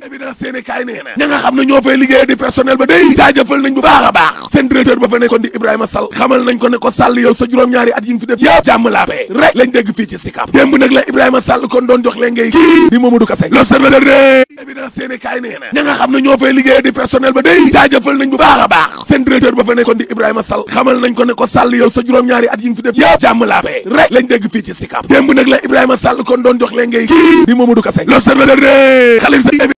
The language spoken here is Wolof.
évidence seeni kaay nee na ña xam ne ñoo fay liggéey di personnel ba day jaajëfal nañ bu baax a baax seen directeur ba fa nekkoon di Ibrahima Sall kon doon jox leen ngay di Mamadou a baax seen directeur ba fa nekkoon di Ibrahima Sall xamal nañ ko Sall yow sa juróom-ñaari at yi mu def yëpp jàmm laa pee rek lañ dégg fii ci Sicap démb nag la Ibrahima Sall kon doon jox leen ngay kii di Mamadou Kassé l'observateur de